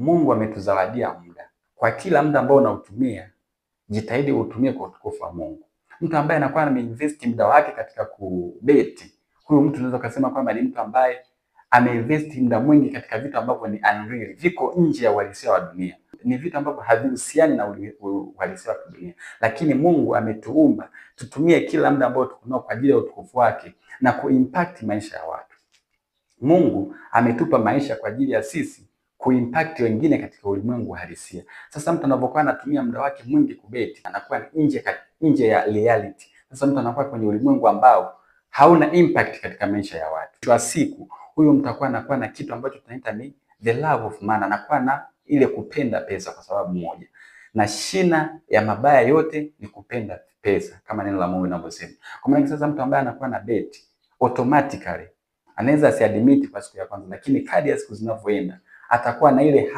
Mungu ametuzawadia muda. Kwa kila muda ambao unautumia, jitahidi utumie kwa utukufu wa Mungu. Mtu ambaye anakuwa ameinvest muda wake katika kubeti, huyo mtu unaweza kusema kwamba ni mtu ambaye ameinvest muda mwingi katika vitu ambavyo ni unreal, viko nje ya uhalisia wa dunia, ni vitu ambavyo havihusiani na uhalisia wa dunia. Lakini Mungu ametuumba tutumie kila muda ambao tukunao kwa ajili ya utukufu wake na kuimpact maisha ya watu. Mungu ametupa maisha kwa ajili ya sisi kuimpact wengine katika ulimwengu halisia. Sasa mtu anapokuwa anatumia muda wake mwingi kubeti, anakuwa nje nje ya reality. Sasa mtu anakuwa kwenye ulimwengu ambao hauna impact katika maisha ya watu. Kwa siku huyo mtu atakuwa anakuwa na kitu ambacho tunaita ni the love of money, anakuwa na ile kupenda pesa kwa sababu moja, na shina ya mabaya yote ni kupenda pesa, kama neno la Mungu linavyosema. Kwa maana sasa mtu ambaye anakuwa na beti automatically anaweza asiadmit kwa siku ya kwanza, lakini kadri ya siku zinavyoenda atakuwa na ile